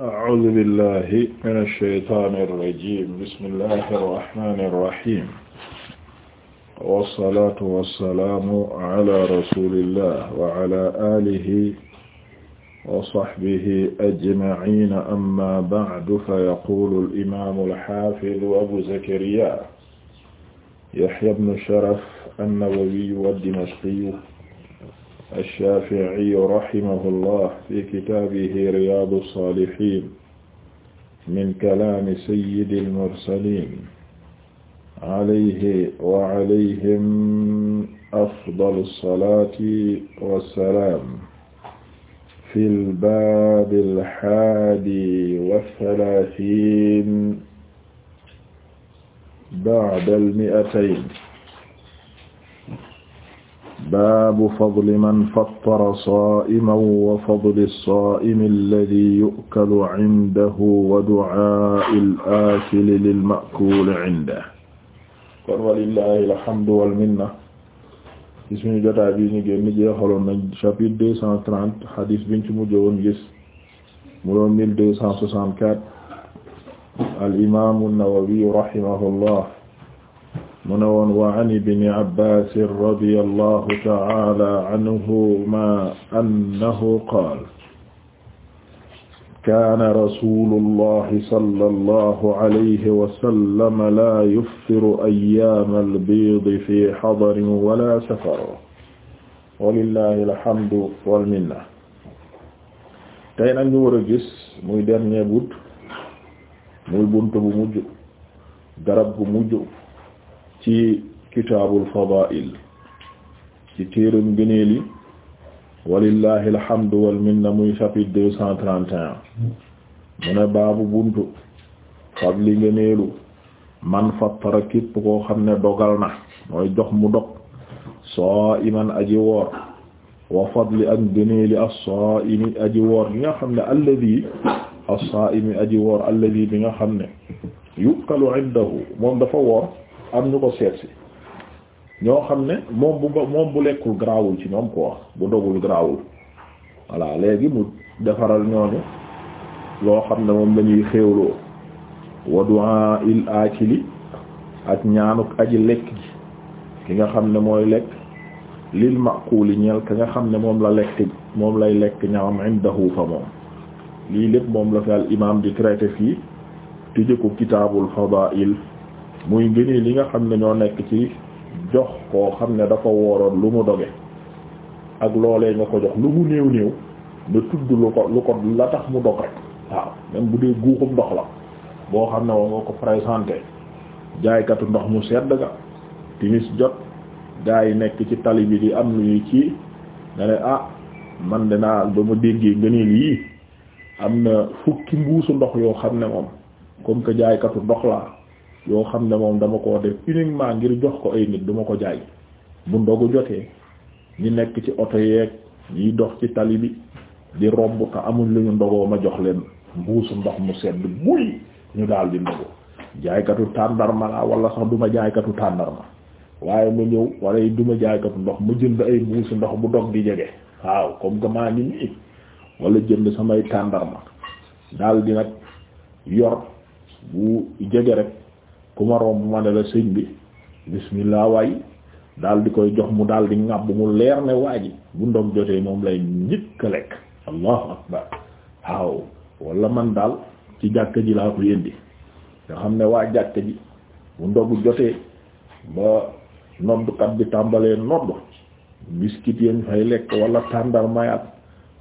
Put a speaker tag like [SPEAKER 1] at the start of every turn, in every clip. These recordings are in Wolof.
[SPEAKER 1] أعوذ بالله من الشيطان الرجيم بسم الله الرحمن الرحيم والصلاة والسلام على رسول الله وعلى آله وصحبه أجمعين أما بعد فيقول الإمام الحافظ أبو زكريا يحيى بن شرف النووي الدمشقي alshaafiiyu rahimahullah fi kitaabihi riyaadu saalihiin min kalaami sayyidil mursaliin alayhi wa alayhim afdalu salaati wa salaam fil baabil haadi wa salaatiin ba'dal mi'atayn baabu fadli man fattara saa'iman wa fadli saa'imi alladii yu'kalu 'indahu wa du'aa'il aakili lil ma'kuuli 'indahu. kon walillaahi alhamdu wal minna. ci suñu jotaay bi ñu génn jeexaloon nañ chapitre deux cent trente hadith biñ ci mujj woon gis mu doon mille deux cent soixante-quatre al imaamu Nawawi rahimahullah mu ne woon wa an ibni Abbaas radiyallahu ta'ala anhumaa annahu qaala kaana rasuulullahi sallallahu alayhi wa sallam laa yuftiru ayyaamal biidi fii hadarin wala safarin walillahi alhamdu wal minna tey nag ñu war a gis muy dernier bunt muy bunt bu mujj garab bu mujj ci kitaabul fadaa'il ci téeram gëneeli walillahi alhamdu wal minna muy chapitre deux baabu buntu fadli ngëneelu man fattara képp koo xam ne dogal na mooy jox mu dog saa'iman aji woor wa fadli ak ngëneeli as-saa'imi aji woor bi nga xam ne alladhi as bi nga xam ne yukalu indahu moom dafa woor am ñu ko seet ñoo xam ne moom bu moom bu lekkul garaawul ci ñoom quoi bu dogul garaawul voilà léegi mu defaral ñooñu loo xam ne moom lañuy xéewloo wa il aakili ak ñaanuk aji lekk gi ki nga xam ne mooy lekk lil maquli ñeel ka nga xam ne moom la lekk moom lay lekk ñaam indahu fa moom lii lépp moom la fi al imam di traité fii tëjëku kitaabul fadaa'il muy ngëneel li nga xam ne ñoo nekk ci jox koo xam ne dafa wooroon lu mu doge ak loolee nga ko jox lu mu néew néew nga tudd lu ko lu ko la tax mu dog waaw même bu dee guuxum ndox la boo xam ne woo ko présenté jaaykatu ndox mu sedd nga timis jot gaa yi nekk ci tali bi di am lu ci nga ne ah man de naa ba ma déggee ngëneel yii am na fukki mbuusu ndox yoo xam ne moom comme que jaaykatu ndox la yoo xam ne moom dama koo def uniquement ngir jox ko ay nit duma ko jaay bu ndogu jotee ñi nekk ci oto yeeg ñiy dox ci tali bi di romb te amuñ lu ndogoo ma jox leen mbuusu ndox mu sedd buy ñu daldi ndogu jaaykatu tàndarma la wala sax duma jaaykatu tàndarma waaye ma ñëw wala duma jaaykatu ndox ma jënd ay mbuusu ndox bu dog di jege waaw comme que maa ngi nii wala jënd samay tàndarma daal nag yor bu jege rek ku ma romb ma ne la sëñ bi bismillah waay daal di koy jox mu daal di ŋàbb mu leer ne waa ji bu ndox jotee moom lay njëkk a lekk allahu akbar waaw wala man daal ci jàkka ji laa ko yëndi nga xam ne waa jàkka ji bu ndogu jotee ba noddukat bi tàmbalee nodd biskit yañ fay lekk wala tàndarmayaat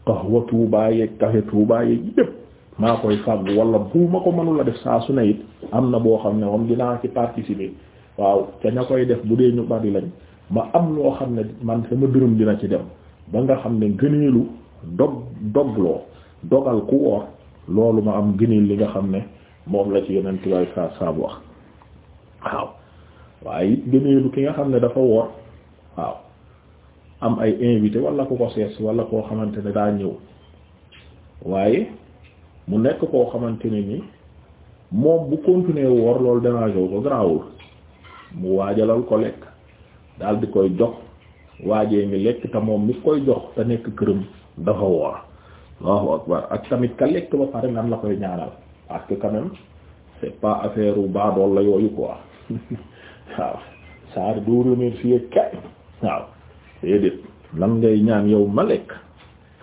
[SPEAKER 1] kahwa tuubaa yeeg café tuubaa yeeg yépp maa koy fàggu wala bu ma ko mënula def saa su ne it am na boo xam ne moom dinaa ci participer waaw te ña koy def bu dee ñu bari lañ ma am loo xam ne man sama dërëm dina ci dem ba nga xam ne gëneelu dog loo dogal ku woor loolu ma am gëneel li nga xam ne moom la ci yeneen tubaab saa saabu wax waaw waaye it gëneelu ki nga xam ne dafa woor waaw am ay invité wala ku ko sees walla koo xamante ne daa ñëw waaye. mu nekk koo xamante ne ni moom bu continuer woor loolu déranger wu ko garaawul mu waajalal ko lekk daal di koy jox waajee mi lekk te moom mi koy jox te nekk këram dafa woor Allahu ak tamit ka lekk ba pare nan la koy ñaanal parce que quand même c'est pas affaire u baadool la yooyu quoi waaw saar doo remercier kay waaw déedéet lan ngay ñaan yow ma lekk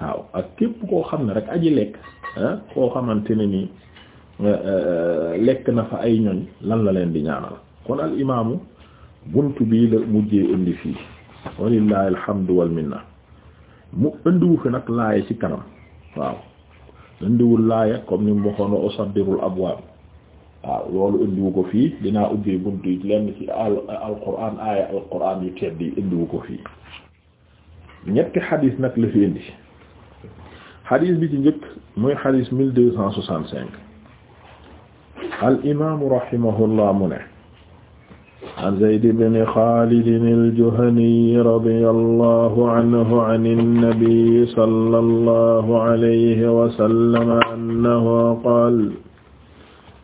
[SPEAKER 1] waaw ak képp koo xam ne rek aji lekk Eh? koo xamante ne nii eh, eh, lekk na fa ay ñoñ lan la leen di ñaanal kon al imaamu bunt bii la mujjee indi fii walillahi alhamdu wal minna mu indiwu fi nag laaya ci kanam waaw indiwul laaya comme ni mu waxoon wa usaddirul abwaab waaw loolu indiwu ko fii dinaa ubbee bunt yi lenn ci al alquran aaya alquran yu tedd yi indiwu ko fii ñetti xadiis nag la fi indi xadis bi ci njëkk muy xadis mille deux cent soixante cinq al imaamu rahimahullah mu ne an Zayd ibn Xaalid al-Juhani radiyallahu anhu an an-nabi sallallahu alayhi wa sallam annahu qaala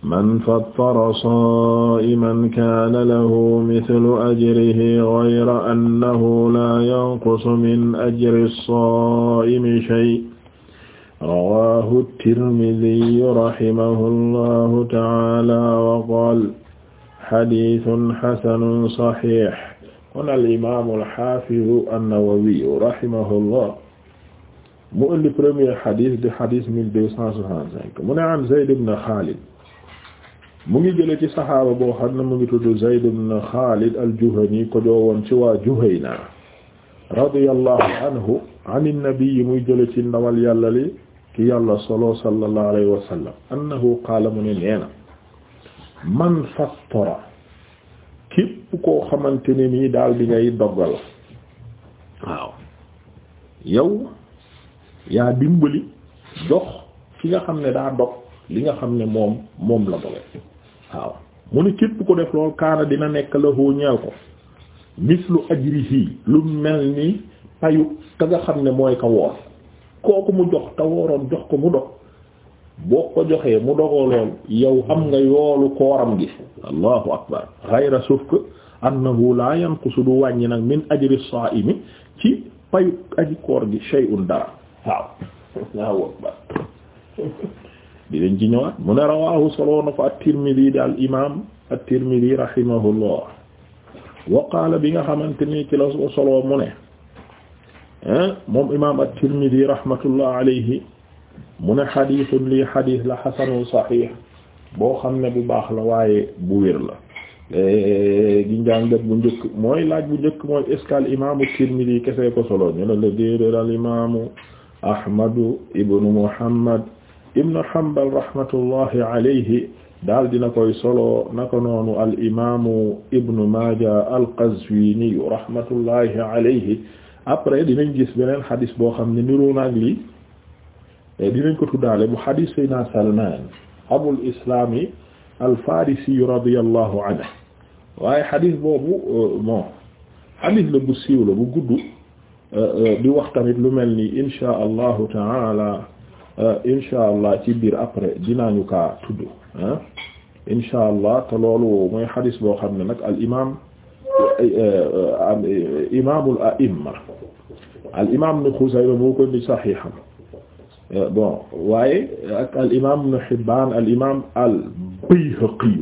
[SPEAKER 1] man fattara saa'iman kaana lahu mithlu ajrihi ghayra annahu laa yanqusu min ajri as-saa'imi shay' rawaahu tirmidiyu rahimahu allahu taala wa qaala xadiisun xasanun saxiix kon al imaamu alxaafidu annawawiyu rahimahu allah mu indi premier xadis di xadis mille deux cent soixante-cinq mu ne an Zayd ibn Xaalid mu ngi jële ci saxaaba boo xam ne mu ngi tudd Zayd ibn Xaalid al-Juhani ko joowoon ci waa Juhayna radiyallahu anhu an an-nabi muy jële ci ndawal yàlla li ki yàlla solo sallallahu alayhi wa sallam annahu mu ne nee na man fattara képp koo xamante ne nii daal di ngay doggal waaw yow yaa dimbali jox ki nga xam ne daa dog li nga xam ne moom moom la doge waaw mu ne képp ko def lool kaana dina nekk la hoo ñeel ko mislu ajrihi lu mel ni payu ka nga xam ne mooy ka woor kooku mu jox te waroon jox ko mu dog boo ko joxee mu dogoo lool yow am nga yoolu kooram gi allahu akbar ghayra sufk annahu la yanqusu du wàññi nag min ajri saa'imi ci payu aji koor gi shay'un dara waaw akbar di leen ci ñëwaat mu ne rawaahu soloo na ko di al imam at-Tirmidhi wa qaala bi nga xamante ni ci mu ne moom imaam at-Tirmidhi rahmatullah alayhi mu ne xadiisun lii xadiis la xasanu saxiix boo xam ne bu baax la waaye bu wér la gi njàngat bu njëkk mooy laaj bu njëkk mooy est-ce que al imaamu Tirmidhi kese ko solo ñu ne la déedéet al imaamu Ahmadu ibnu Muhammad ibnu Hanbal rahmatullahi alayhi daal dina koy solo naka noonu al imaamu ibnu Maaja al-Qazwiini rahmatullahi alayhi après dinañ gis beneen xadis boo xam ne niroo naag lii dinañ ko tuddaale bu xadis sayna Salman abul islam yi al-Farisi radiyallahu waaye xadis boobu euh, bon xadis la bu siiw la bu gudd euh, euh, di wax tamit lu mel ni insha allahu taala insha allah ci biir après dinañu kaa tudd ah allah te loolu mooy xadis boo xam ne nag al imam Eh, eh, eh, imaamul a'imma al imaam Ibn Xuzayma moo ko di saxiixam bon waaye ak al imaam Ibn Hibbaan al imaam al Bayhaqi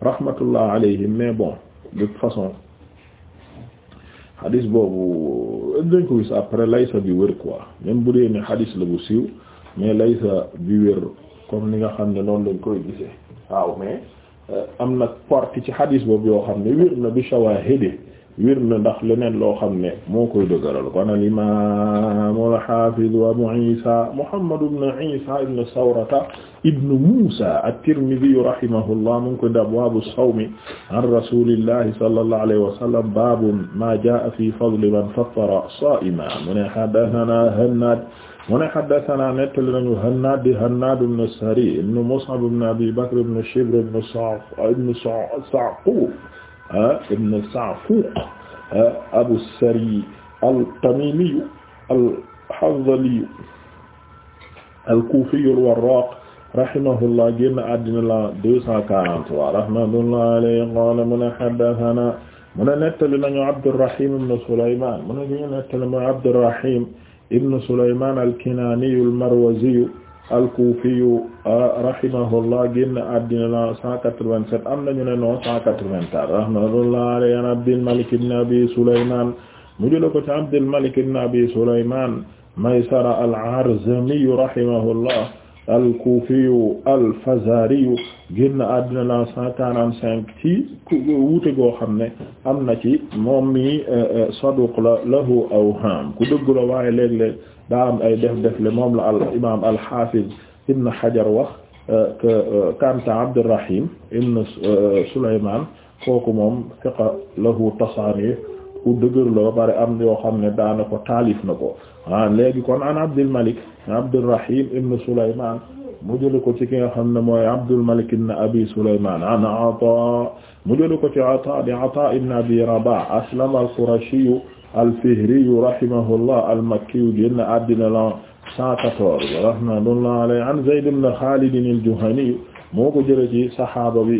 [SPEAKER 1] rahmatullah alayhim mais bon de toute façon xadis boobu dañ ko gis après laysa bi wér quoi même bu dee ne xadis la bu siiw mais laysa bi wér comme ni nga xam ne noonu lañ koy gisee waaw mais. Euh, am nag partie ci xadiis boobu yoo xam ne wér na bi shawaahidi wér na ndax leneen loo xam ne moo koy dëgëral kon al imaam al haafiz abu isa muhammad ibn isa ibn sawrata ibn musa at-tirmidhi rahimahullah mu ngi ko dab abwaabu sawmi an rasulillahi sallallahu alayhi wa sallam baabu ma jaa fi fadli man fattara saa'iman mu ne haddathana hannaad mu ne haddathana nettali nañu Hannaad di Hannaad ibn Sari ibn Mus'ab ibn Abi Bakr ibn Shibr ibn Sa'quq ibn Sa'quq ah, ah, Abu Sari al-Tamimi al-Hanzali al-Kufi al-Warraq rahimahullah génn àddina la 243 rahmatullahi alayhi qala mu ne haddathana mu ne nettali nañu Abdurrahim ibn Sulayman mu ne nettali nañu Abdurrahim ibn Sulaymaan al-Kinaaniyu al-Marwaziyu al-Kuufiyu rahimahullah génn àddina la 187 am nañu ne non 184 rahmatullahi alayhi an Abdul Malik ibn Abi Sulaymaan mu jël ko ci Abdul Malik ibn Abi Sulaymaan Maysara al-Arzamiyu rahimahullah al-Kufiyu al-Fazariyu génn àddina la 145 ci wuute goo xam ne am na ci moom mi euh, euh, saduq la lahu awham ku dëggu la waaye léeg-léeg ay def-def le moom la al al-Hafiz Ibn Hajar wax euh, que Kanta Abdurrahim Ibn Souleymane kooku moom fiqa lahu tasaanif ku dëgër la ba am yoo xam ne daana ko taalif na ko ah léegi kon an Abdul Malik Abdurrahim ibn Sulaymaan mu jëlu ko ci ki nga xam ne mooy Abdul Malik ibn Abi Sulaymaan an Ataa mu jëlu ko ci Ataa di Ataa ibn Abi Rabaah Aslam al-Qurashi al-Fihri rahimahullah al-Makki génn àddina la 114 rahmatullahi alayhi an Zayd ibn Khalid al-Juhani moo ko jëlee ci saxaaba bi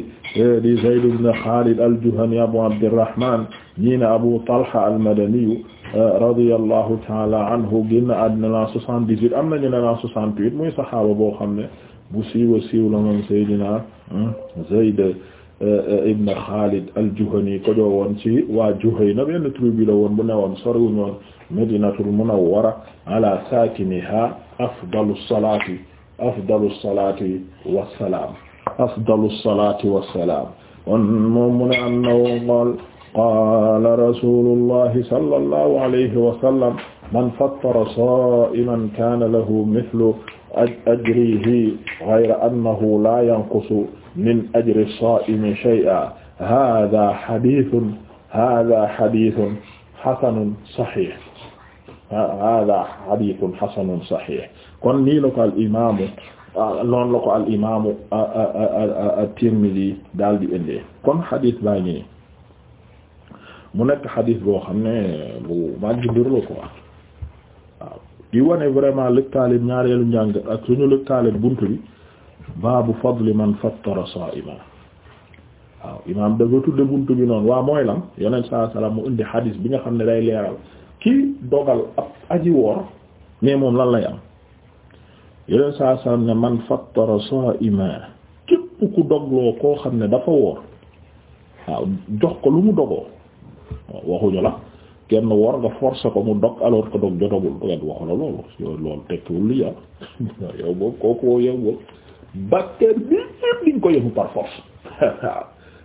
[SPEAKER 1] di Zayd ibn Khalid al-Juhani Abu Abdirrahman ñii na Abu Talha al-Madani radiyallahu taala anhu génn àddina la soixante-dix-huit am nañu ne la soixante-huit muy saxaaba boo xam ne bu siiwa siiw la moom Seydina Zayd euh, euh, ibn Khalid al-Juhani ko joowoon ci waa Juhayna benn tribu la woon bu newoon soriwuñu woon Madinatul Munawwara ala saakiniha afdalu salaati afdalu salaati wassalaam afdalu salaati wassalaam moom mu ne am na woon qaala rasulullahi sallallahu alayhi wa sallam man fattara saa'iman kaana lahu mithlu ajrihi ghayra annahu laa yanqusu min ajri saa'imi shay'an haadaa hadiithun haadaa hadiithun hasanun sahiih haadaa hadiithun hasanun sahiih kon nii la ko al imaamu noonu la ko al imaamu at-Tirmidhi daal di indee kon hadith baa ngi mu nekk xadis boo xam ne bu màgg mbir la quoi waaw di wane vraiment lëkkaaleem ñaareelu njàng ak suñu lëkkaaleem bunt bi baabu fadli man fattara sa'iman waaw imaam dafa tudde bunt bi noonu waa mooy lan yeneen saa salaam mu indi xadis nga xam ne day leeral kii dogal ab moom lan lay am yonent saa ne man fattara sa'iman képp ku dogloo koo xam ne dafa woor waaw jox ko lu mu dogoo waxuñu la kenn wor nga forcer ko mu dog alors que dog jotagul kenn waxu la loolu yooyu loolu tekkiwul li ah yow boobu kooku yow boobu bactère bi yëpp diñ ko yëfu par force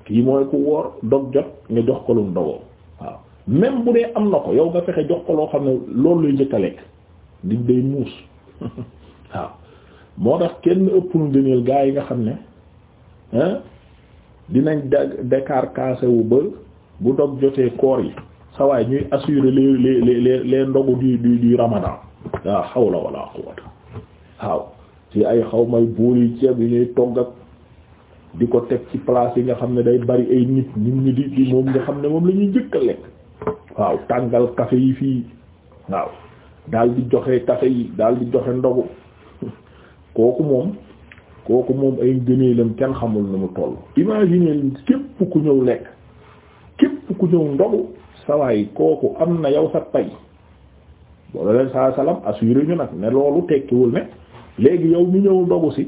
[SPEAKER 1] waaw wor dog jot nga jox ko lu mu dogoo bu dee am na yow nga fexe loo xam ne loolu lay lekk diñ day muus waaw moo tax kenn ëpp nu gëneel gaa yi nga xam ne dinañ da- décarcassé wu ba bu dog jotee koor yi sa waay ñuy assurer les les les les ndogu du du du xaw la hawla wala waaw ci ay xaw may buur yi ceeb yi ñuy togg ak di ko teg ci place yi nga xam ne day bari ay nit nit ñi di moom nga xam ne moom lañuy ñuy njëkk a lekk waaw tàngal café yi fii waaw daal di joxe café yi daal di joxe ndogu kooku moom kooku moom ay ngëneelam kenn xamul nu mu toll imagine képp ku ñëw lekk ku ñëw ndogu sawaay kooku am na yow sa pay loolu leen saa salaam assuré nag ne loolu tekkiwul ne léegi yow mu ñëw ndogu si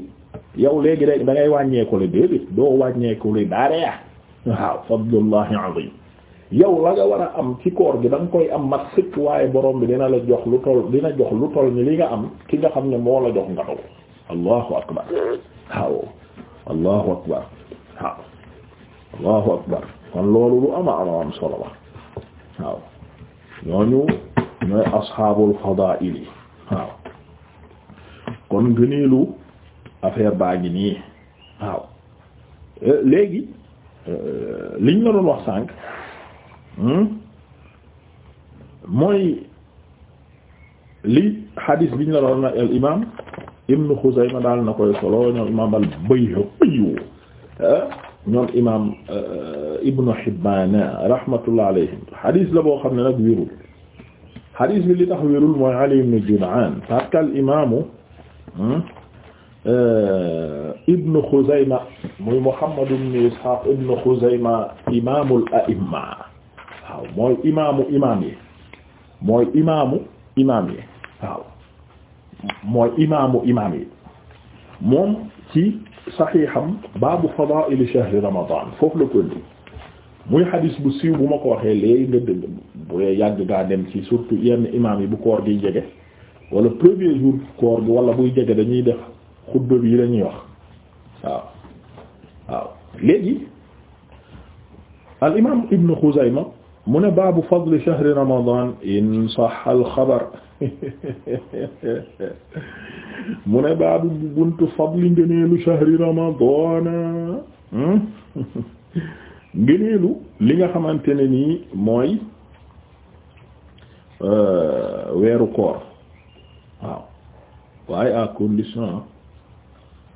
[SPEAKER 1] yow léegi rek da wàññeeku le déedéet doo wàññeeku le daaree waaw fadlullahi azim yow la nga war a am ci koor gi da koy am mat sëkk waaye borom bi dina la jox lu toll dina jox lu tol ni li nga am ki nga xam ne moo la jox nga dogu allahu akbar waaw allahu akbar waaw allahu akbar kon loolu lu ama ama am solo la waaw ñooñu ñooy asxaabul fadaa'il yi waaw kon gëneelu affaire baa ngi nii waaw eh, léegi eh, liñ la doon wax sànq hmm? mooy li hadis biñ la doon al imaam Ibn Xuzayma daal na koy solo ñoom imaam al Bayhaqi eh? ñoom imaam. Ibn Hibbaan rahmatullah alayhim xadis la boo xam ne nag wérul xadis bi li tax wérul mooy Ali ibn Jud'aan parce que al imaamu hmm, euh, Ibn Xuzayma muy Muhammad ibn Ishaaq Ibn Xuzayma imaamul a'imma waaw mooy imaamu imaam yi mooy imaamu imaam yi waaw mooy imaamu imaam yi moom ci saxiixam baabu fadaa'ili shahri Ramadan foofu la ko indi muy xadis bu siiw bu ma ko waxee léegi nga dëgg bu dee yàgg ngaa dem ci surtout yenn imaam yi bu koor gi jege wala premier jour koor gi wala buy jege dañuy def xutba bi la ñuy wax waaw waaw al imaam Ibn Xuzayma mu ne baabu fadli shahri ramadan in sahha al xabar mu ne baabu buntu fadli ngëneelu shahri ramadan ngëneelu li nga xamante ne nii mooy euh, weeru koor waaw waaye à condition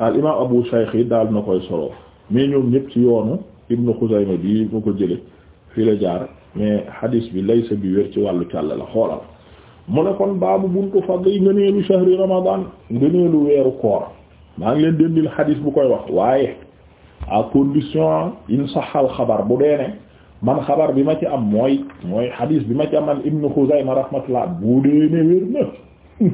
[SPEAKER 1] al imaam Abu Shaykh yi daal na koy solo mais ñoom ñëpp ci yoonu Ibnu Xuzayma bi mu ko jële fii la jaar mais hadis bi laysa bi wér ci wàllu càll la xoolal mu ne kon baabu buntu yi ngëneelu shahri ramadan ngëneelu weeru koor maa ngi leen dendil hadis bu koy wax waaye à condition in saxal xabar bu dee ne man xabar bi ma ci am mooy mooy xadis bi ma ci am man Ibn Xuzayma la bu dee ne wér na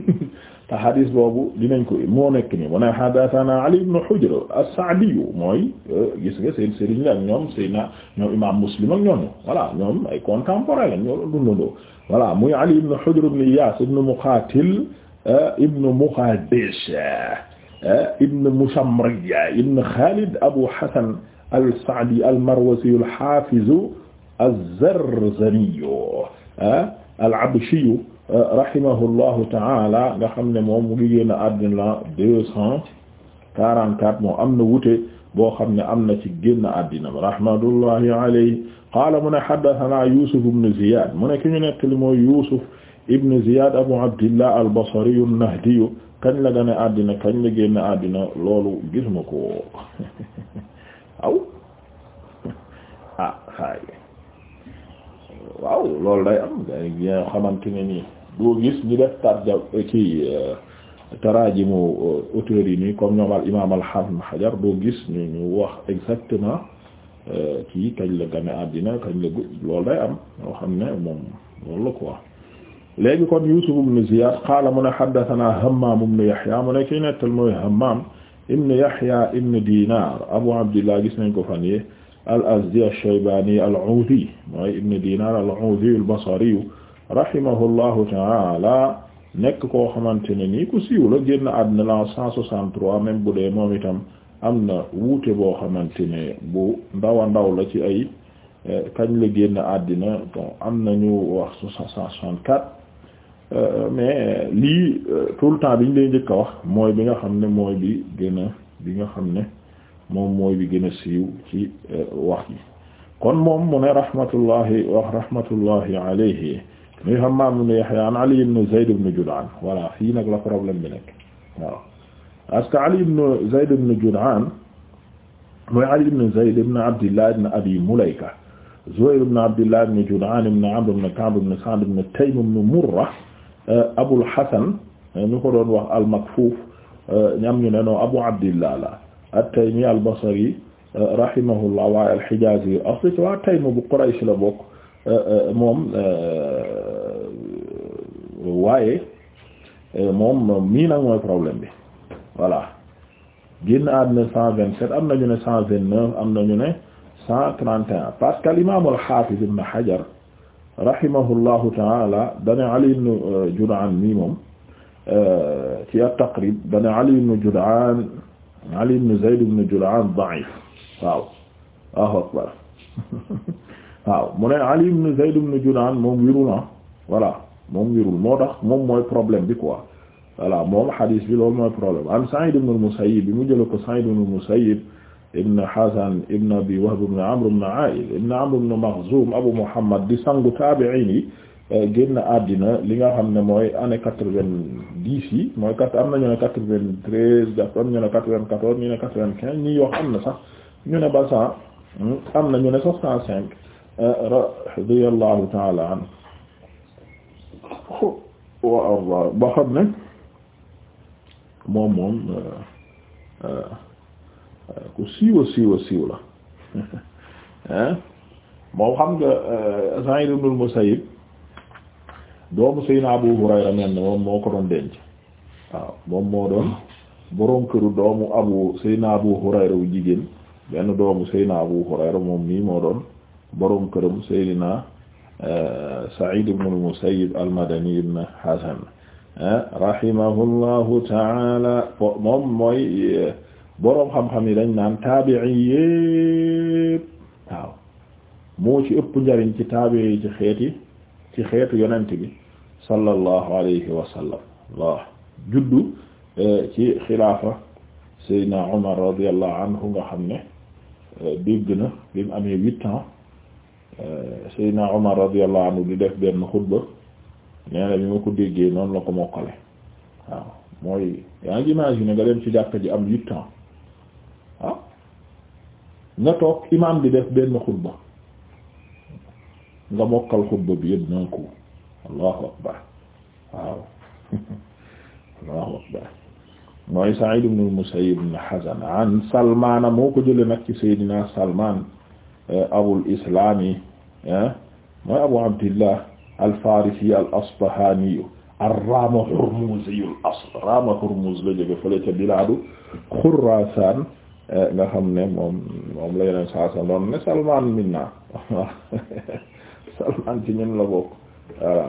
[SPEAKER 1] te xadis boobu dinañ ko moo nekk ni mu ne hadathana Ali ibn Hujr as-Sa'di mooy euh, gis nga seen sëriñ la ak ñoom Seydina ñoom imam Muslim ak ñoom voilà ñoom ay contemporain la ñoo dundandoo voilà muy Ali ibn Hujr ibn Iyas ibn Muqatil euh, ibn Muqadish Eh? ibn Mushamriya ibn Khalid Abu Hasan al-Sa'di al-Marwazi al-Hafiz az-Zarzani eh? al-Abshi eh, rahimahullahu ta'ala nga xam ne moom mu ngi génn àddina la deux cent quarante-quatre moom am na wuute boo xam ne am na ci génn àddina rahmatullahi alayhi qaala mu ne haddathana Yusuf ibn Ziyad mu ne ki ñu nettali mooy Yusuf ibn Ziyad Abu Abdillah al-Basri an-Nahdi kañ la gane àddina kañ la génn àddina loolu gis ma ko aw ah xaay waaw loolu day am day bien xamante ne nii doo gis ñu def tarja ci euh, taraajimu euh, auteurs yi nii comme ñoom al imaam al hafiz Hajar doo gis ñu ñu wax exactement euh, kii kañ la gane àddina kañ la loolu day am ñoo xam ne moom loolu la quoi léegi kon Yusuf ibn Ziyad qaala mu ne haddathana Hammam ibn Yahya mu ne kii nettal Hammam ibn Yahya ibn Dinar Abu Abdillah gis nañ ko fan yi al-Azdi ash-Shaybani al-Awdi mooy Dinar al-Awdi al-Basri rahimahullahu ta'ala nekk koo xamante ne nii ku siiw la génn àddina la 163 même bu dee moom itam am na wuute boo xamante ne bu ndaw ndaw la ci ay eh, kañ la am nañu wax 164 Euh, mais euh, lii euh, tout le temps bi ñu lay njëkk a wax mooy bi nga xam ne mooy bi gën a bi nga xam ne moom mooy bi gën a siiw ci wax yi kon moom mu ne rahmatullahi wa rahmatullahi alayhi muy Hammaam ibn Yahya an Ali ibn Zayd ibn Jud'an voilà fii nag la problème bi nekk waaw parce que Ali ibn Zayd ibn Jud'an mooy Ali ibn Zayd ibn Abdillah ibn Abi Mulayka Zuhayr ibn Abdillah ibn Jud'an ibn Amr ibn Ka'b ibn Sa'd ibn Taym ibn Murrah Euh, Abul Hasan euh, ñu ko doon wax al-Makfuf euh, ñam ñu ne non Abu Abdillah la at-Taymi al-Basri rahimahullah waaye al-Hijazi asli ci waa Taym bu Quraysh la bokk moom waaye moom mii nag mooy problème bi voilà génn àddina cent vingt-sept am nañu ne cent vingt-neuf am nañu ne cent trente et un parce que al-Imam al-Hafiz Ibn Hajar rahimahullahu taala dane Ali ibn uh, Jud'an mi moom uh, ci at-Taqrib dane Ali ibn Jud'an Ali ibn Zayd ibn Jud'an da'if waaw Allahu akbar waaw mu ne Ali ibn Zayd ibn Jud'an moom wirul ah voilà moom wirul moo tax moom mooy problème bi quoi voilà moom hadis bi loolu mooy problème am Sa'id ibn al-Musayyib bi mu jëla ko Sa'id ibn al-Musayyib ibn Hazn ibn Abi Wahb ibn Amr ibn A'il ibn Amr ibn Makhzum Abu Muhammad di sangu taabi'iin yi eh, génn àddina li nga xam ne mooy année quatre-vingt-dix yi mooy ñu ne quatre-vingt-treize am ñu quatre-vingt-quatorze ñu ne am na sax ñu hmm, na ñu ne sax cent cinq eh, radiyallahu moom moom eh, ku siiwa siiwa siiw la ah moom xam Sa'id euh, ibn al doomu Seydina Abu Hurayra mel moom moo ko doon denc waaw moom moo doon borom këru doomu Abu Seydina Abu Hurayra wu jigéen benn doomu Seydina Abu Hurayra moom nii moo doon borom këram Seydina euh, Sa'id ibn al al-Madani ibn Hasan rahimahullahu ta'ala moom mooy. boroom xam-xam yi dañ naan taabi'i yépp waaw moo ci ëpp njariñ ci taabi'i yi ci xeeti ci xeetu yonent bi sallallahu alayhi wa sallam waaw juddu eh, ci xilaafa Seydina Omar radiyallahu anhu nga xam ne eh, dégg na bi mu amee huit ans eh, Seydina Omar radiyallahu anhu di def benn xutba nee bi ma ko déggee noonu la ko mokkale waaw mooy yaa ngi imaginer nga dem ci jàkka ji am huit nga toog imaam bi def benn xutba nga mokkal xutba bi yëpp naa ko allahu akbar waaw allahu akbar mooy Sa'id ibn al-Musayyib ibn Hazan an Salmaana moo ko jële nag ci Seydina Salmaan eh, abul islaam yi eh, mooy Abu Abdillah al-Farisi al-Asbahani ar-Rama Hurmuzi al-asl Rama Hurmuz la jóge fële ca bilaadu Xurasaan nga xam ne moom moom la yeneen saa sa doon ne Salman minna Salman ci ñun la bokk voilà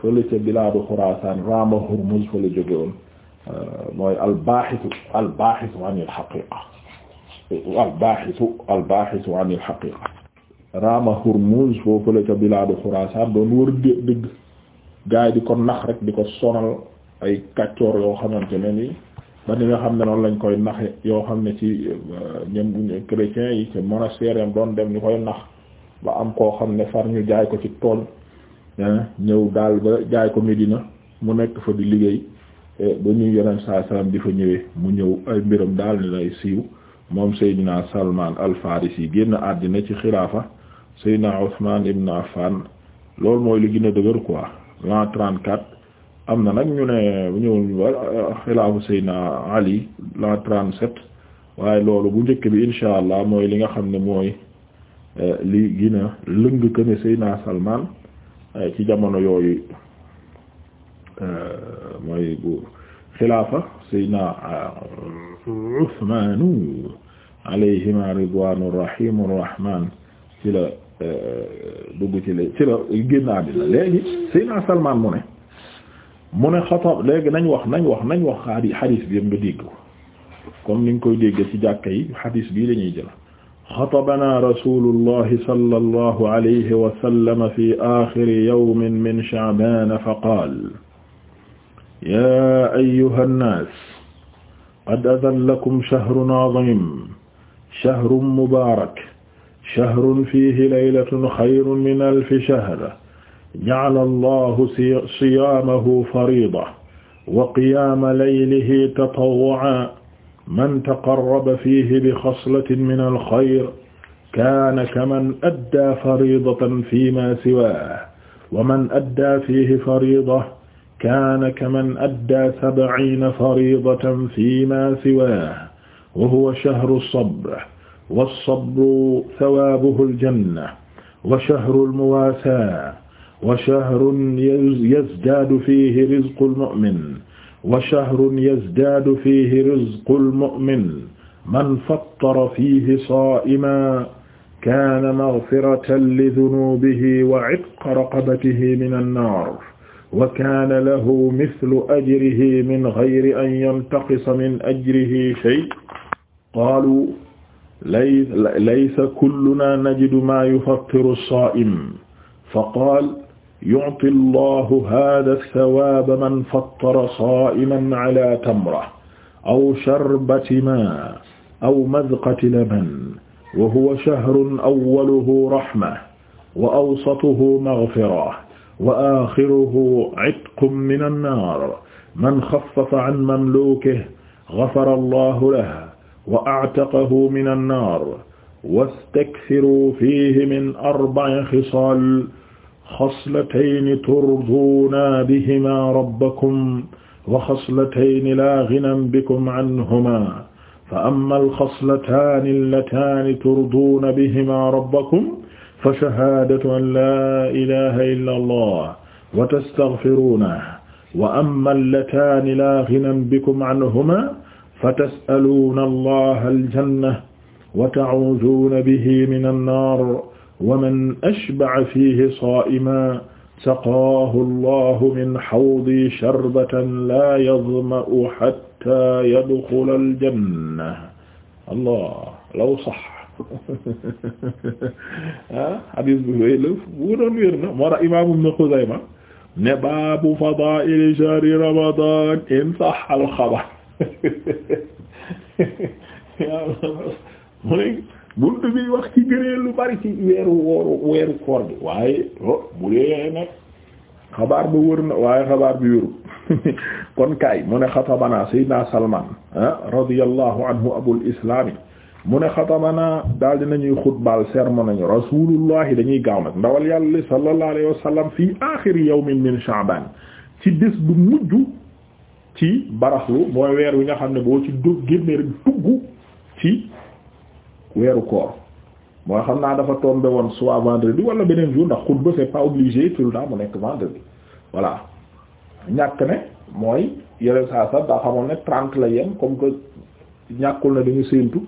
[SPEAKER 1] fële ca bilaadu Xuraasaan Rama Hurmuz fële jóge ca bilaadu Xuraasaan doon wër dëgg gaay di ko nax rek di ko sonal ay kàccoor yoo xamante ne ni ba ni nga xam ne noonu lañ koy nax yoo xam ne ci euh, ñoom chrétiens yi ci monastère yam doon dem ñu koy nax ba am koo xam ne far ñu jaay ko ci tool ñëw daal ba jaay ko Medina mu nekk fa di liggéey e, ba ñuy saa salaam di fa ñëwee mu ñëw ay mbiram daal ni lay siiw moom Seydina Salman al-Farisi génn àddina ci xilaafa Seydina Ousmane Ibn Affan loolu mooy li gën a dëgër quoi l'an am na nag ñu ne ñëw euh, xilaafu Seydina Ali la 37 waaye loolu bu njëkk bi insha allah mooy li nga xam ne mooy euh, li gina lëng que ne Seydina Salman euh, ci jamono yooyu mooy bu xilaafa Seydina Usmaanu alayhima ridwaanu rahiimu rahmaan ci la dugg ci la ci la génn àddina léegi Seydina Salman mu ne mu ne xatab léegi nañ wax nañ wax nañ wax xaadi xadiis bi nga dégg ko comme ni nga koy déggee ci jàkka yi xadiis bii la ñuy jël xatabana rasulullahi sallallahu alayhi wa sallam fi axiri yawmin min sha'ban fa qaal ya ayyuha nnaas qad azallakum shahrun azim shahrun mubaarak shahrun fiihi laylatun xayrun min alfi shahr ja'ala allahu siyaamahu farida wa qiyaama laylihi tatawwu'an man taqarraba fiihi bi xaslatin min alxayr kaana kaman addaa fariidatan fiimaa siwaahu wa man addaa fiihi fariidatan kaana kaman addaa sab'iina fariidatan fiimaa siwaahu wa huwa shahru sabr was sabru sawaabuhu aljanna wa shahru almuwaasaa wa shahrun yazdaadu fiihi rizqul mu'min wa shahrun yazdaadu fiihi rizqul mu'min man fattara fiihi saa'iman kaana maghfiratan lidunuubihi wa itqa raqabatihi minan naar wa kaana lahu mithlu ajrihi min ghayri an yantaqisa min ajrihi shay' qaaluu laysa kullunaa najidu maa yufattiru as-saa'im fa qaala yu'ti Allahu haadha ath-thawaaba man fattara saa'iman 'alaa tamra aw sharbati maa aw madqati laban wa huwa shahrun awwaluhu rahma wa awsatuhu maghfira wa aakhiruhu 'itqun min an-naar man khaffafa 'an mamluukihi ghafara Allahu lahu wa a'taqahu min an-naar wastakthiruu fiihi min arba'i khisaal xaslatayni turduuna bihimaa rabbakum wa xaslatayni laa ginan bikum anhumaa fa ammal xaslataani allataani turduuna bihimaa rabbakum fa shahaadatu an laa ilaaha illallaah wa tastaghfiruunahu wa ammaa allataani laa ginan bikum anhumaa fa tas'aluuna allaha aljanna wa ta'uuzuuna bihi mina nnaar wa man ashba'a fiihi saa'iman saqaahu Allahu min hawdi sharbatan laa yadma'u hattaa yadxula al-janna Allah law sax ah hadis bi wéy la bu doon wér na moo tax imaam Ibn Xuzayma ne baabu fadaa'ili shahri Ramadaan in sahha al-xabar bunt bi lu bari ci weeru weeru koor waaye oh bu xabaar waaye xabaar bi wëru kon kay mu ne xatabana sayyidina salman ah, radiyallahu anhu abul islami mu ne xatabana daal dinañuy xutbal sermon dañuy gaaw nag ndawal fii axiri yawmin min sha'ban ci bés bu mujj ci barax mooy weer wi nga xam ne boo ci dugg génne dugg ci weeru koor moo xam naa dafa tombé woon soit vendredi wala beneen jour ndax xutba c'est pas obligé tout le mu nekk vendredi voilà ñàkk ne mooy yeneen saa sax daa xamoon ne trente la yem comme que ñàkkul na dañu séentu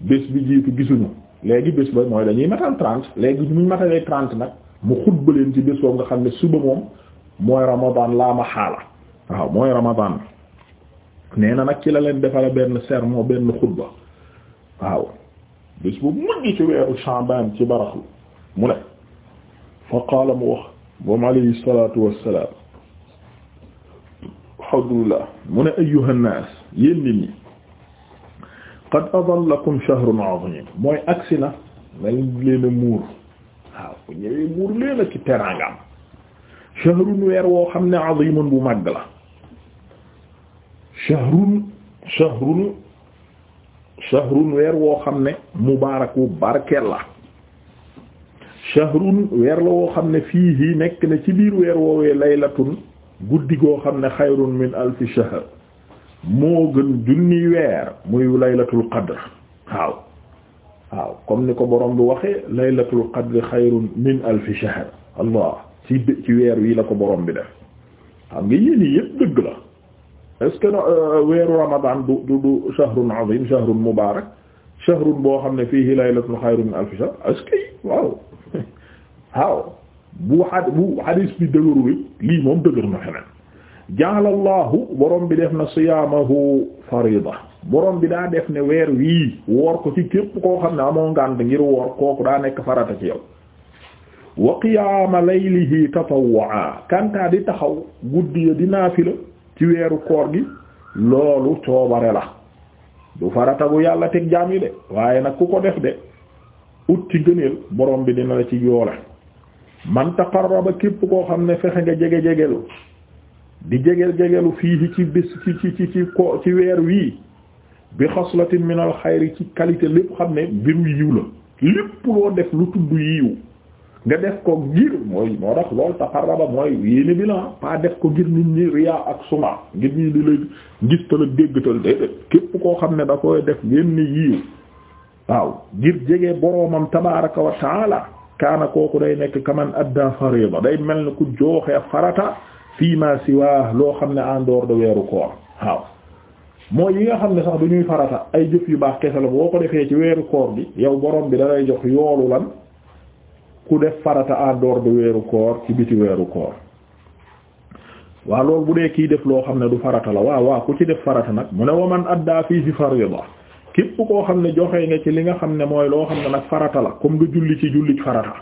[SPEAKER 1] bés bi jiitu gisuñu léegi bés ba mooy dañuy matal trente léegi ñu matalee trente nag mu xutba leen ci bés boobu nga xam ne suba moom mooy ramadan laa ma xaala waaw mooy ramadan nee na nag ci la leen defal benn sermon benn xutba waaw bés bu mujj ci weeru Sha'baan ci baraxlu mu ne fa qaala mu wax moom alayhi salaatu wassalaam alhamdulillah mu ne ayyuha nnaas yéen nit mooy agsi na nañ leen a muur waaw bu ñëwee muur leen a ci teraangaam shahrun weer woo xam ne azimun bu màgg la shahrun shahrun weer woo xam ne mubaarak wu barkeel la shahrun weer la woo xam ne fii fiihi nekk na ci biir weer woowee laylatun guddi goo xam ne xayrun min alfi shahr moo gën junni weer muy laylatul qadr waaw waaw comme ni ko borom bi waxee laylatul qadr xayrun min alfi shahr allah ci weer wi la ko borom bi def xam nga yéen yépp dëgg la est-ce que euh, ramadan du du du shahrun azim shahrun mubarak shahrun boo xam ne fiihi laylatun xayrun min alfi shahr est-ce que bu had bu hadis bi dëgëru lii moom dëgër na borom bi def na siyaamahu farida borom bi daa def ne weer wii woor ko xam ne amoo ngànt ngir woor kooku daa nekk farata wa qiyaama laylihi tatawwaa kantaa di taxaw guddi ya di ci weeru koor gi loolu coobare la du farata bu yàlla teg jaam yi de waaye nag ku ko def de ut ci gëneel borom bi dina la ci yoola man taqarraba képp koo xam ne fexe nga jege jegelu di jegel jegelu fii ci bis ci ci ci ci ci weer wii bi xaslatin min al xayri ci qualité lépp xam ne mbiru yiw la lépp loo def lu tudd yiw nga def ko ngir mooy moo tax loolu taqarraba mooy yéene bi la def ko ngir nit ñi riyaa ak suma ngir ñi di la gis koo xam ne da def yenn yiiw waaw ngir jege boroomam tabaaraka wa kaana kooku day nekk kaman adda fariida day mel na ku jooxee farata fii ma siwaa loo xam ne en dehors de weeru koor waaw mooy yi nga xam ne sax du ñuy farata ay jëf yu baax kese la boo ko defee ci weeru koor bi yow borom bi dalay jox yoolu lan ku def farata en dehors de weeru koor ci biti weeru koor waa loolu bu dee kii def loo xam ne du farata la waaw waaw ku ci def farata nag mu ne waman adda fii ci farida képp koo xam ne joxe nga ci li nga xam ne mooy loo xam ne nag farata la comme nga julli ci farata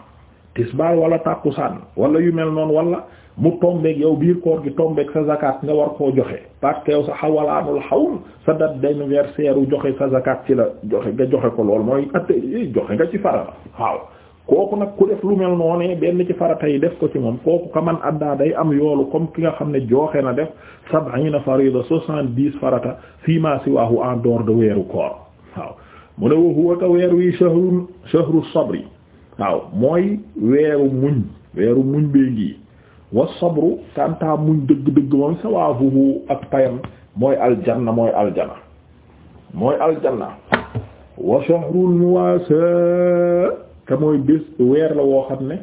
[SPEAKER 1] tisbaar wala tàkkusaan wala yu mel noonu wala mu tombeeg yow biir koor gi tombeeg sa zakat nga war koo joxe parce que yow sa xawalaanul xawl sa date joxe sa zakat la joxe nga joxe ko lool mooy at joxe nga ci farata waaw kooku nag ku def lu mel noonu benn ci farata yi def ko ci moom kooku ka man addaa am yoolu comme ki nga xam ne joxe na def sab'ina farida soixante-dix farata fii ma siwaahu en dehors de weeru koor waaw mu ne wa huwa weer wi shahrun shahru waaw mooy weeru muñ weeru muñ bee ngi wa sabru tanta muñ dëgg-dëgg moom sawaabuhu ak payam mooy aljanna mooy aljanna mooy aljanna wa shahrul te mooy bés weer la woo xam ne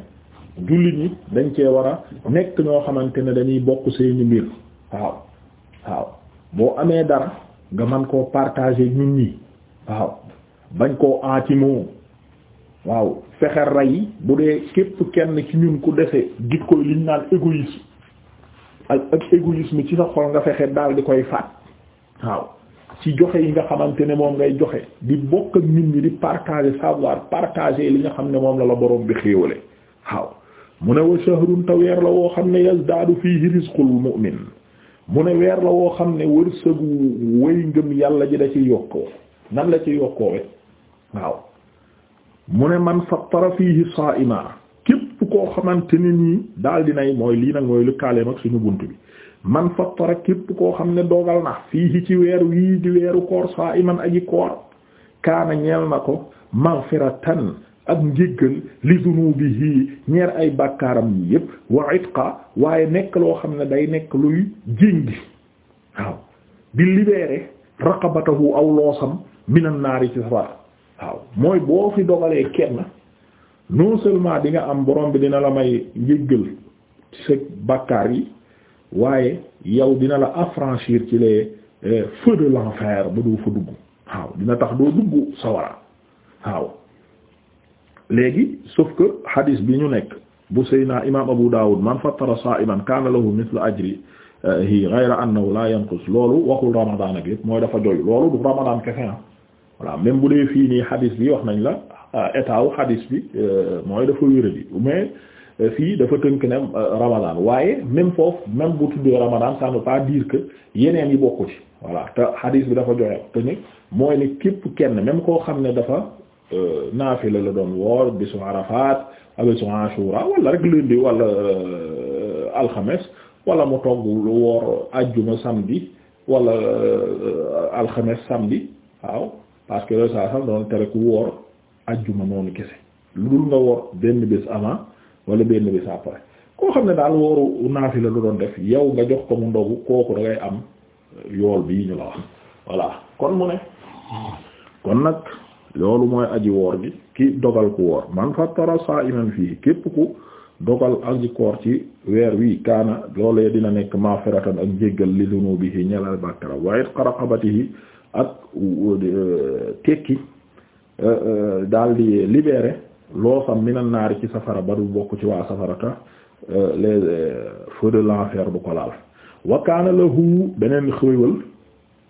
[SPEAKER 1] jullit ñi dañ cee war a nekk ñoo xamante ne dañuy bokk seeni mbir waaw waaw boo amee dara nga man koo partager ñun ñi waaw bañ koo aatimoo waaw fexe rey bu dee képp kenn ci ñun ku dese git koy liñ naan égoïsme ak ak ci sa xol nga fexe daal di koy faat waaw ci joxe yi nga xamante ne moom ngay joxe di bokk ak nit ñi di partager savoir partager li nga xam ne moom la la borom bi xéewale waaw mu ne wa shahrun weer la woo xam ne yazdaadu fiihi rizqul mu'min mu ne weer la woo xam ne wu wéy ngëm yàlla ji la ci yokkoo nan la ci yokkoowe waaw mu ne man fattara fiihi saa'ima képp koo xamante ne nii daal dinay mooy lii nag mooy lu kaaleem ak suñu bunt bi man fattara képp koo xam ne dogal na fii ci weer yii di weeru koor saa iman aji koor kaana ñeel na ko maghfiratan ak njéggal li dunubihi ñeer ay bàkkaaram yi yépp wa waaye nekk loo xam ne day nekk luy jéngi waaw di libérer raqabatahu aw loosam minan naari ci safara waaw mooy boo fi dogalee kenn non seulement di nga am borom bi dina la may njéggal ci sa bàkkaar yi waaye yow dina la affranchir ci les euh, feux de l'enfer ba doo fa dugg waaw dina tax doo dugg sawara waaw léegi sauf que hadis bi ñu nekk bu sayna imam Abu Dawud man fattara sa'iman kana lahu mithlu ajri euh, hi ghayra annahu la yanqus loolu waxul ramadan ak yëpp mooy dafa doy loolu du ramadan kese ah voilà même bu dee fii nii hadis bi wax nañ la euh, état wu hadis bi mooy dafa wéradi mais Euh, fii dafa tënk ne euh, Ramadan waaye même foofu même bu tuddee Ramadan ça ne veut pas dire yeneen yi bokku ci voilà te hadis bi dafa joxe te ni mooy ne képp kenn même koo xam ne dafa euh, naafila la doon woor bisu Arafat ak bisu Ashura wala rek lundi wala alxames wala mu togg lu woor ajjuma samedi wala alxames samedi waaw parce que loolu doon tere ku woor ajjuma noonu kese lu dul nga woor benn bés avant. wala benn bi sa pare koo xam ne daal wooru naafi la lu doon def yow nga jox ko mu ndogu kooku da ngay am euh, yool bi ñu la wax voilà kon mu ne kon nag loolu mooy aji woor gi ki dogal ku woor man fattara sa'iman fii képp ku dogal aji koor ci weer wi kaana loolee dina nekk maafiratan ak njéggal li dunubihi ñelal bàkkara waaye qaraqabatihi ak euh, tekki euh, daal di libéré loosam minan naari ci safara ba du bokk ci waa safara ta euh, les euh, feux de l'enfer du ko laal wa kaana lahu beneen xëywal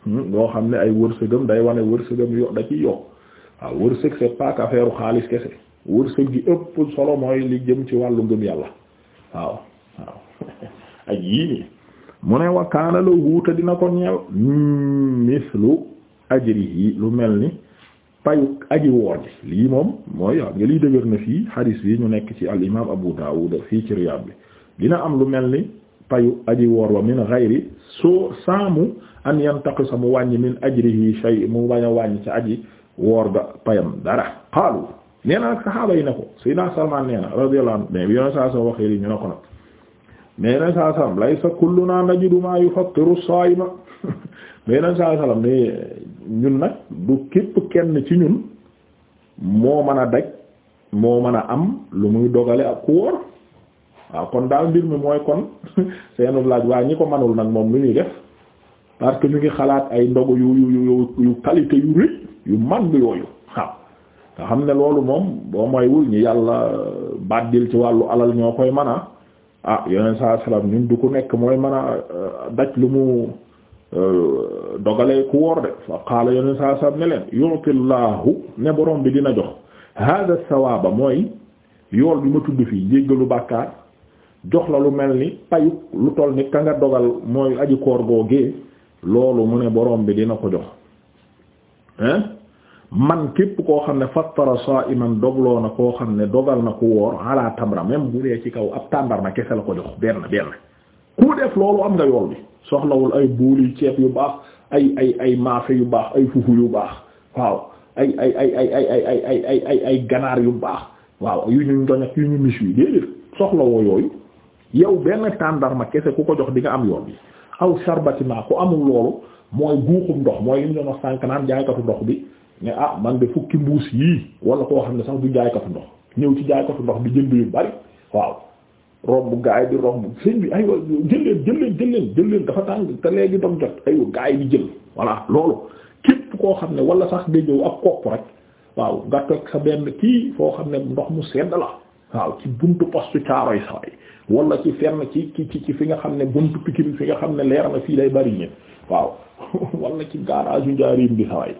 [SPEAKER 1] loo hmm, xam ne ay wërsëgam day wane wërsëgam yo da ci yokk waaw wërsëg c'est pas qu'affaire xaalis kese wërsëg gi ëpp solo mooy li jëm ci wàllu ngëm yàlla waaw waaw ak yii nii mu ne wa kaana lahu te dina ko ñeel hmm, mislu ajrihi lu mel ni payu aji woor ji lii moom mooy waaw nga liy dëgër na fii hadis bi ñu nekk ci al imam Abu Dawud fii ci Riyad bi dina am lu mel ni payu aji woor wa min ghayri soo saamu an yantaqisa mu wàññi min ajrihi shay mu bañ a wàññi sa aji woor ba payam dara xaalu nee na nag saxaaba yi na ko Seydina Salman nee na radiyallahu anhu mais bi yoneen ne ko nag mais yeneen saa sallam najidu ma yufaqqiru as-sa'ima mais yeneen saa sallam ne ñun nag du képp kenn ci ñun moo mën a daj moo mën a am lu muy dogale ak ku wóor waaw kon daal mbir mi mooy kon seenu laaj waaye ñi ko manul nag moom lu ñuy def parce que ñu ngi xalaat ay ndogu yu yu yu yu qualité yu rëy yu mag yooyu waaw nga xam ne loolu moom boo moywul ñi yàlla bàddil ci wàllu alal ñoo koy mën a ah yeneen saa salaam ñun du ku nekk mooy mën a euh, daj lu mu dogalee ku woor de fa qaala yoneen saa saam ne leen yu'tillahu ne borom bi dina jox hada sawaaba mooy yool bi ma tudd fii jéggalu bàkkaar jox la lu mel ni payu lu toll ni ka nga dogal mooy aji googee loolu mu ne borom bi dina ko jox hein man képp koo xam ne fattara sa'iman dogloo na koo xam ne dogal na ku woor ala tamra bu dee ci kaw ab tàndar na kese la ko jox benn benn ku def loolu am nga yool bi soxlawul ay buuli ceeb yu baax ay ay ay maafe yu baax ay fufu yu baax waaw ay ay ay ay ay ay ay ay ay ay ganaar yu baax waaw yu ñu njoñ yu ñu mis yu déedéet soxlawoo yooyu yow benn tàndarma kese ku ko jox di nga am yoon bi aw sarbatinaa ku amul loolu mooy guuxum ndox mooy li ñu doon wax sànq naan jaaykatu ndox bi ne ah man de fukki mbuus yii wala koo xam ne sax du jaaykatu ndox ñëw ci jaaykatu ndox bi jënd yu bari waaw romb gaay bi romb sëñ bi aywa jël leen jël leen dafa tàng te léegi doog jot aywa gaay bi jël voilà loolu képp koo xam ne wala sax nga ñëw kopp rek waaw nga toog sa benn kii foo xam ne ndox mu sedd la waaw ci buntu postu caaroy saway wala ci fenn ci ci ci fi nga xam ne buntu pikin fi nga xam ne leer na fii lay bari ñi waaw wala ci garage yu njaarim bi saway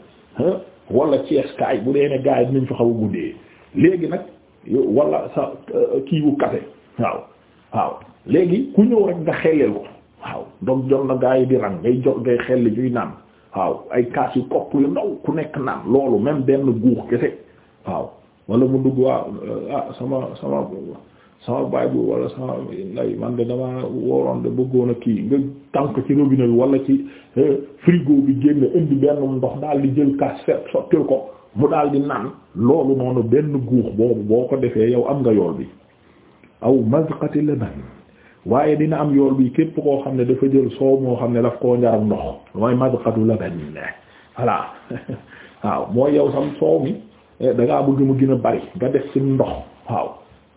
[SPEAKER 1] wala ci eskaay bu dee ne gaay bi nañ fa xaw guddee léegi nag wala sa euh, kiiwu kase waaw léegi ku ñëw rek nga xelel ko waaw donc jot na gaa yi di rang ngay jot ngay xelli ñuy naan waaw ay kaas yu kopp yu ndaw ku nekk naan loolu même benn guux kese waaw wala mu dugg waaw euh, ah, sama sama sama baay bu wala sama lay man de a kii nga tànk ci bi wala ci euh, frigo bi benn ndox daal di jël sottil ko mu daal di naan loolu noonu benn guux boobu boo ko defee yow am nga yool bi aw mazqati laban waaye dina am yool bi képp koo xam ne dafa jël soow moo xam ne daf koo njaram ndox mooy mazqatu laban voilà waaw mooy yow sam soow mi eh, da ngaa bëgg mu gën a bari nga def suñu ndox waaw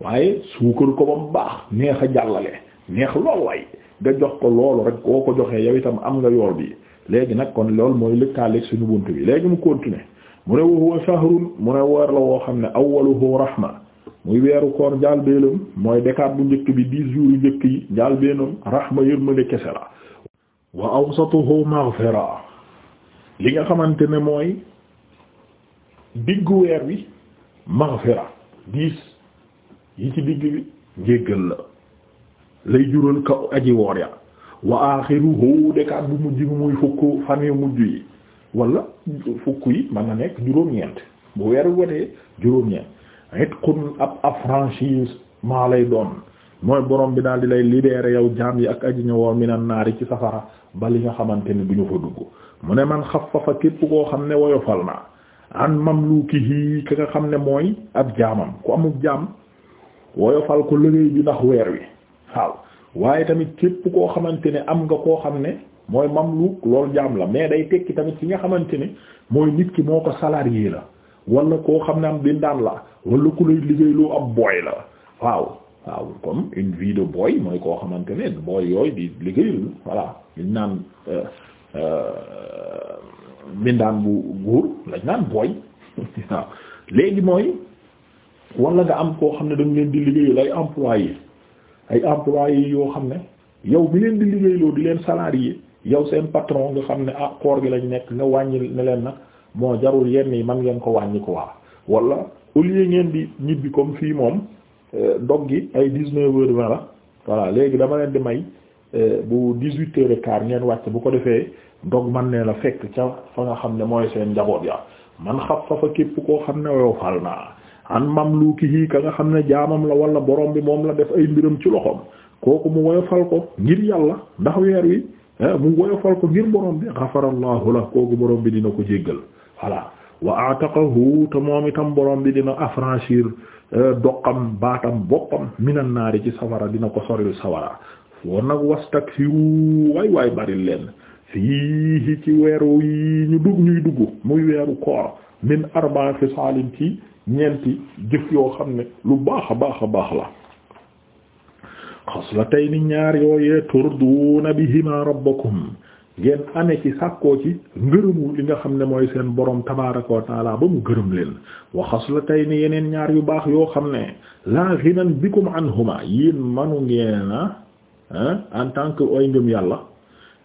[SPEAKER 1] waaye suukar ko ba mu baax neex a jàllale neex lool way nga jox ko loolu rek koo ko joxee yow itam am nga yool bi léegi nag kon loolu mooy lëkkaaleeg suñu bunt bi léegi mu continuer mu ne wa huwa mu ne weer la woo xam ne awwaluhu rahma muy weeru koor njaal beenam mooy décade bu njëkk bi dix jours yu njëkk yi ma beenam rahma yërmande kese la wa awsatuhu maghfira li nga xamante ne mooy diggu weer wi maghfira dix yi ci digg bi njéggal la lay jural kaw aji woor ya wa axiruhu décade bu mujj bi muy fukk fan mujj yi wala fukk yi mën na nekk juróom-ñeent bu weer wi watee juróom-ñeent itqun ab affranchissement lay doon mooy borom bi daal di lay libérer yow jaam yi ak aji ñëwoon minan naari ci safara ba li nga xamante ne du ñu fa dugg mu ne man xaffafa képp koo xam ne woyofal naa an mamlukihi ka nga xam ne mooy ab jaamam ku amub jaam woyofal ko liggéey bi ndax weer wi waaw waaye tamit képp koo xamante ne am nga koo xam ne mooy mamluk loolu jaam la mais day tekki tamit ci nga xamante ne mooy nit ki moo ko salarié la wala koo xam ne am bindaan la walla ku lay liggéeyloo ab booy la waaw waaw comme une vie de mooy koo xamante ne booy yooy di liggéeyul voilà liñ naan euh, euh, bindaan bu góor lañ naan booy léegi mooy wala nga am koo xam ne dañ leen di liggéeyul ay yi ay employés yoo xam ne yow bi leen di liggéeyloo di leen yi yow seen patron nga xam ne ah koor gi lañ nekk nga wàññi ne leen nag bon jarul yenn yi man ngeen ko wàññi ko waa wala au ngeen di ñibbi comme fii moom euh, dog gi ay dix-neuf heures la voilà léegi dama leen di may euh, bu dix-huit heures et ngeen wàcc bu ko defee dog man ne la fekk ca fa nga xam ne mooy seen njaboot ya man xaf fa fa képp koo xam ne wow fal naa an mamlukihi ka nga xam ne jaamam la wala borom bi moom la def ay mbiram ci loxoom kooku mu woyofal ko ngir yàlla ndax weer wi eh, mu woyofal ko ngir borom bi xafarallahu dina ko jéggal voilà wa ataqahu te moom itam borom bi dina affranchir euh, doqam baatam boppam naar naari ci safara dina ko soril sawara war nag wastakfiru waay waay bari leen fii ci weeru yi ñu dugg ñuy dugg muy weeru koor min arba'a fisaalin ci ñeenti jëf yoo xam ne lu baax a baax a baax la xaslatayni ñaar yooyee turduuna bihima rabbakum ngeen amee ci sàkkoo ci ngërëmu li nga xam ne mooy seen borom tabaaraka wa taala ba mu gërëm leen wa xaslatayni yeneen ñaar yu baax yoo xam ne laa ghinan bikum anhuma yéen manu ngeen a en tant que oy ngëm yàlla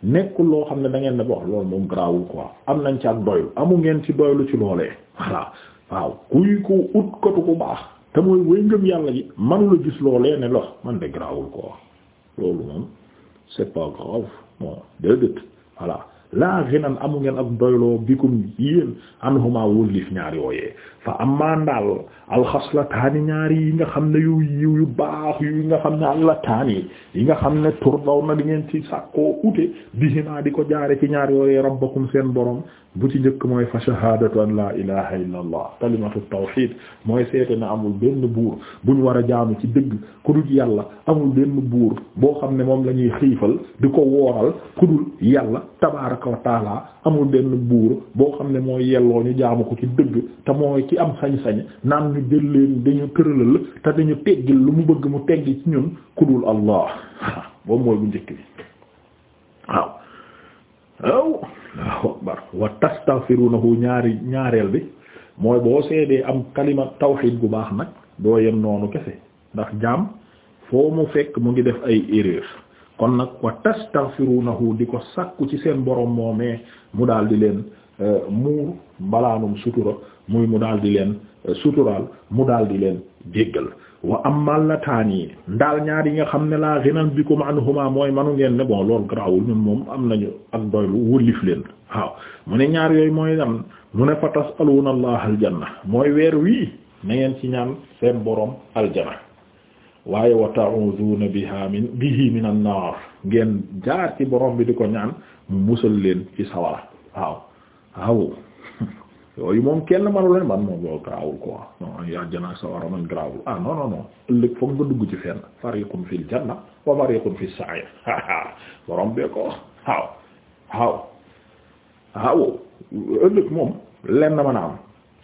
[SPEAKER 1] nekkul loo xam ne da ne wax moom garaawul quoi am nañ ci ak doylu amu ngeen ci doylu ci loolee voilà waaw kuy ko ut kotu ku baax te mooy way ngëm yàlla manula gis loolee ne lox man de garaawul quoi loolu moom c'est pas grave bon déedéet voilà laa ginan amu ngeen ak doyloo bikum yéen anhuma wóllif ñaari yooyee fa amma ndaal alxaslataani ñaari yi nga xam ne yu yiw yu baax yu nga xam ne allataani yi nga xam ne turdaw na di ngeen ci sàkkoo ute bihimaa di ko jaare ci ñaar yooyee rabbakum seen borom bu ci njëkk mooy fa shahadatu an la ilaha illa allah kalimatu tawhid mooy seete na amul benn buur ñu war a jaamu ci dëgg ku dul yàlla amul benn buur boo xam ne moom lañuy xiifal di ko wooral ku dul yàlla tabaraka wa amul benn buur boo xam ne mooy yelloo ñu jaamu ko ci dëgg te mooy ki am sañ-sañ naan ñu jël leen dañu tëralal te dañu teggil lu mu bëgg mu teggi ci ñun ku dul allah boobu mooy bu njëkk bi waaw waaw akbar na tastaghfirunahu ñaari ñaareel bi mooy boo seedee am kalima tawxiid gu baax nag doo yem noonu kese ndax jaam foo mu fekk mu ngi def ay erreur kon nag na tastaghfirunahu di ko sakku ci seen borom moomee mu daal di leen euh, muur mbalaanum sutura muy mu daal di leen euh, suturaal mu daal di leen jéggal wa ammal yi ndaal ñaar yi nga xam ne laa ghinan bikum anhuma mooy manu ngeen ne bon loolu garaawul ñun moom am nañu ak doylu wëlif leen waaw mu ne ñaar yooyu mooy am mu ne fa tasaluuna allah aljanna mooy weer wii na ngeen ci ñaan seen borom aljana waaye wa ta'uzuuna biha min bihi min an-naar ngeen jaar ci borom bi di ko ñaan mu musal leen ci sawara waaw waaw yooyu moom kenn manu leen man moom loolu grawul quoi non yaa janaa sa war a man grawul ah non ëllëg foog nga dugg ci fenn fariqun fi janna wa fariqun fis sa'ir borom bee ko waaw mën a am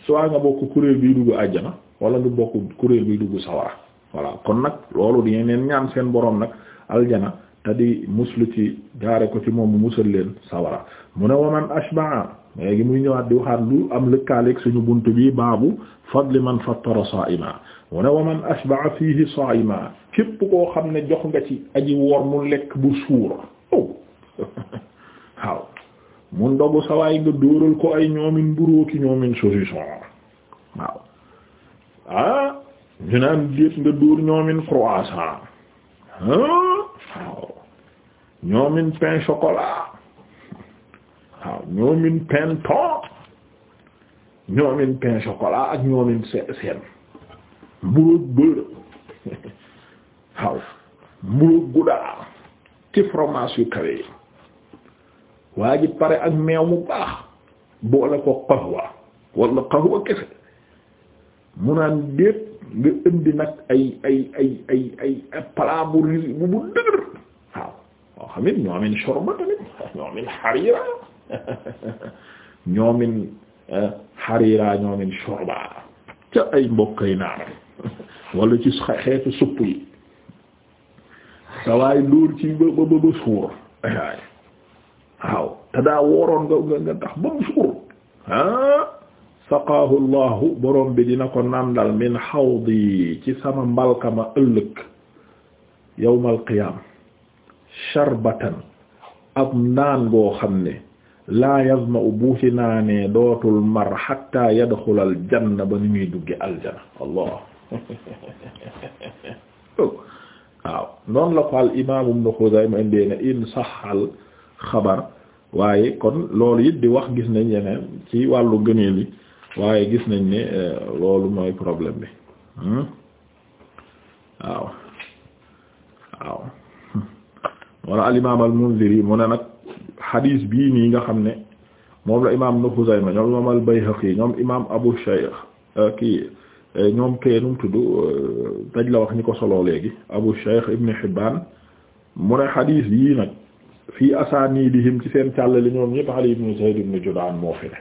[SPEAKER 1] soit nga bokk kuréel biy dugg àjjana wala nga bokk kuréel biy dugg sawara voilà kon nag loolu di neen ñaan seen boroom nag aljana te di muslu ci jaare ko ci moom mu musal leen sawara mu ne waman ashba'a léegi muy ñëwaat di waxaat lu am lëkkaaleeg suñu bunt bi baabu fadli man fattara saa'ima mu ne wa man ashba'a fiihi képp koo xam ne jox nga ci aji woor mu lekk bu suur oh waaw mu ndogu sawaay nga dóoral ko ay ñoomin mburoo ñoomin saucisson ah. ah. waaw ñoomin pain chocolat waaw ñoomin pain thon ñoomin pain chocolat ak ñoomin seen mburoog beurre waaw mburoog gouda ci fromage yu kawe yi waa ji pare ak meew mu baax boole ko qahwa wala qahwa kese mu naan déet nga indi nag ay ay ay ay ay plat bu bu bu dëgër waaw waaw xam it ñoomin shorba tamit ñoomin harira ñoomin xariira eh, ñoomin shorba ca ay mbokkay naar wala ci xeetu supp yi sawaay lóor ci ba ba ba suur ah! saqaahu llahu borom bi dina ko nàndal min xawdi ci sama mbalkama ëllëg yawmal qiyaam sharbatan ab naan goo xam ne laa yazma'u bu ci naanee dootul mar hatta yadxula al janna ba ni muy dugge aljana allah oh. waaw noonu la ko al imaam ibn Xuzayma indee ne in saxal xabar waaye kon loolu it di wax gis nañ yeneen ci wàllu gëneel yi waaye gis nañ ne eh, loolu mooy problème bi hmm? waaw waaw al imaam al Munziri mu ne nag xadiis bii nii nga xam ne moom la imaam Ibn Xuzayma ñoom ñoom al-Bayhaqi ñoom imaam Abu Shaykh euh, kii euh, ñoom kee num tudd euh, daj la wax ñi ko solo léegi Abu Shaykh Ibn Hibbaan mu ne xadiis yii nag fii asaaniidihim ci seen càllali ñoom ñëpp Ali ibn Zayd ibn Judaan moo fi ne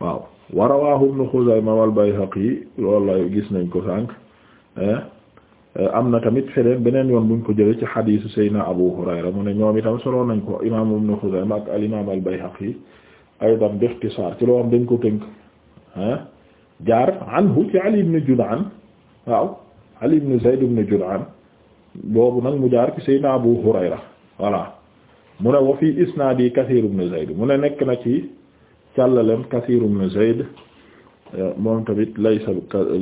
[SPEAKER 1] waaw wa rawaahu Ibn Xuzayma wal Bayhaqi loolu lay gis nañ ko sànq Euh, am na tamit feneen beneen yoon buñ ko jëlee ci xadiisu Seydina Abu Hurayra mu ne ñoom itam solo nañ ko imaam Ibnu Xuzayma ak al imaam al Bayhaqi aydan bi ixtisaar ci loo xam dañ ko tënk ah jaar anhu ci Ali ibn Jud'an waaw Ali ibn Zayd ibn Jud'an boobu nag mu jaar ci Seydina Abu Hurayra voilà mu ne wa fii isnaadi Kasiir ibn Zayd mu ne nekk na ci càllalem Kasiir ibn Zayd moom tamit laysa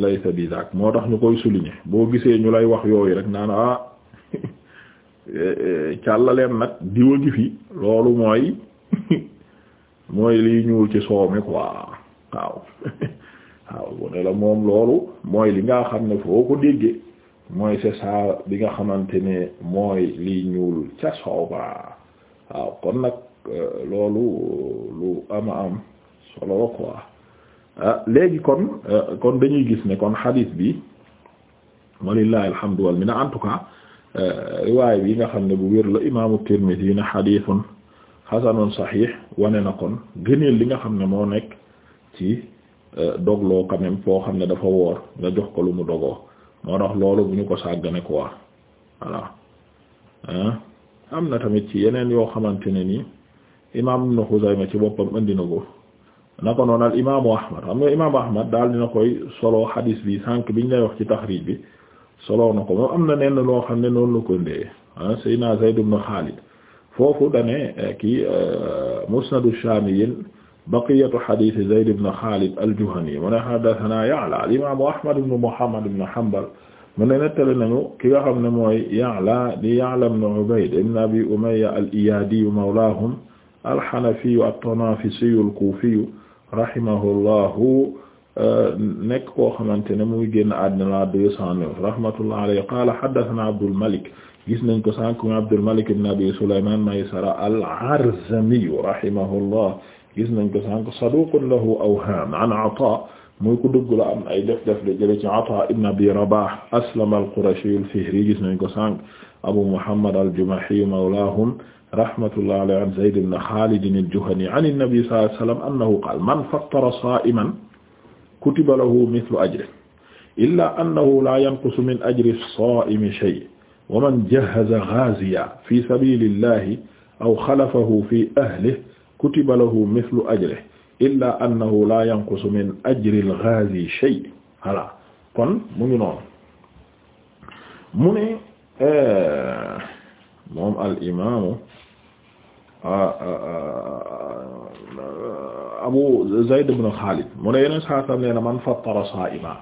[SPEAKER 1] laysa bi zaak moo tax ñu koy souligner boo gisee ñu lay wax yooyu rek naan ah càllaleen nag diwa gi fi loolu mooy mooy liy ñuul ci soow mi quoi waaw waaw bu ne la moom loolu mooy li nga xam ne foo ko déggee mooy c'est ça bi nga xamante ne mooy liy ñuul ca soow ba waaw kon nag euh, loolu lu ama am solo quoi Euh, léegi kon euh, kon dañuy gis ne kon xadiis bi walillahi alhamdu wal minna en tout cas euh, riwaay bi nga xam ne bu wér la imaamu Tirmidhi na xadiisun xasanun saxiix wane na kon gëneel li nga xam ne moo nekk ci dogloo quand même foo xam ne dafa woor nga jox ko lu mu dogoo moo tax loolu bu ñu ko sàggane quoi voilà am na tamit ci yeneen yoo xamante ne nii imaam Ibn Xuzayma ci boppam indi na ko. na ko noon al imaamu ahmad xam nga imaamu ahmad daal dina koy solo xadiis bi sànq biñ lay wax ci taxriij bi solo na ko moom am na nenn loo xam ne noonu la ko ndee ah Seydina Zayd ibn Xaalid foofu dane eh, kii eh, musnadu shaamiyin baqiyatu xadiis Zayd ibn Xaalid al-Juhani mu ne haddasanaa Ya'la al imaamu ahmad ibn Muhammad ibn Hanbal mu ne nettali nañu ki nga xam ne mooy Ya'la di Ya'la ibn Ubayd ibn Abi Umayya al-Iyaadi mawlaahum al-Hanafi at-Tanafisi al-Kufi rahimahullahu euh, nekk koo xamante ne muy génn àddina la deux cent neuf rahmatullah alayhi qaala haddathana Abdul Malik gis nañ ko sànq mu Abdul Malik ibn Abi Sulayman Maysara al-Arzami rahimahullah gis nañ ko sànq saduqun lahu awham an Ata muy ko dugg la am ay def-def de jële ci Ata ibn Abi Rabah Aslam al-Qurashi al-Fihri gis nañ ko sànq Abu Muhammad al-Jumahi mawlahum rahmatullah alayhi an Zayd ibn Khalid al-Juhani an an-nabi sallallahu alayhi wa sallam annahu qaala man fattara saa'iman kutiba lahu mithlu ajrihi illaa annahu laa yanqusu min ajri as-saa'imi shay' wa man jahhaza ghaaziyan fii sabiilillahi aw khalafahu fii ahlihi kutiba lahu mithlu ajrihi illaa annahu laa yanqusu min ajri al-ghaazi shay' voilà kon mu ngi noonu mu ne eh, moom al imaamu Ah, ah, ah, Abu Zayd ibn Khalid mu ne yeneen saa sam nee na man fattara saa'ima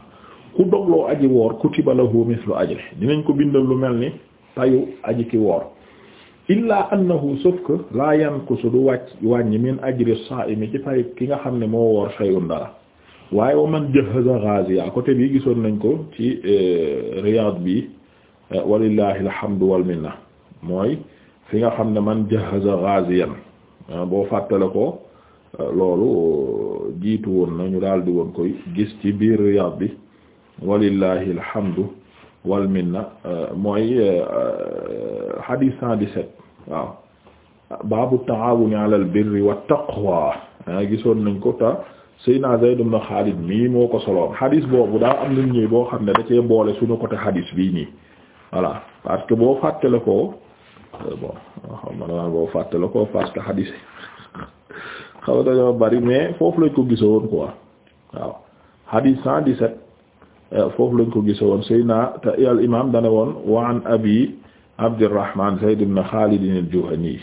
[SPEAKER 1] ku dogloo aji woor kutiba lahu mithlu ajri dinañ ko bindal lu mel ni tayu aji ki woor illaa annahu sauf que laa yankusu du wàcc wàññi min ajri saa'imi ci pay ki nga xam ne moo woor shay'un dara waaye wa man jahaza ghaziya côté bi gisoon nañ ko ci eh, Riyad bi eh, walillahi alhamdu wal minna mooy fi nga xam ne man jahaza ghaziyan ah, boo fàttale ko ah, loolu uh, jiitu woon nañu daal di woon koy gis ci biir Riyad bi walillahi alhamdu wal minna ah, mooy hadith 117 waaw baabu taawuni ala al birri wat taqwa gisoon nañ ko ta Seydina Zayd ibn Khalid mii moo ko soloon hadith boobu daa am lu ñuy boo xam ne da cee boole suñu côté hadith bii nii voilà parce boo fàttale ko Euh, bon xam nga daal boo fàttale ko parce que xadis xaw dañoo bari mais foofu lañ ko gisa woon quoi waaw xadis 117 euh, foofu lañ ko gisa woon Seydina te al imam dane woon wa an abi Abdurrahman Zayd ibn Khalid al-Juhani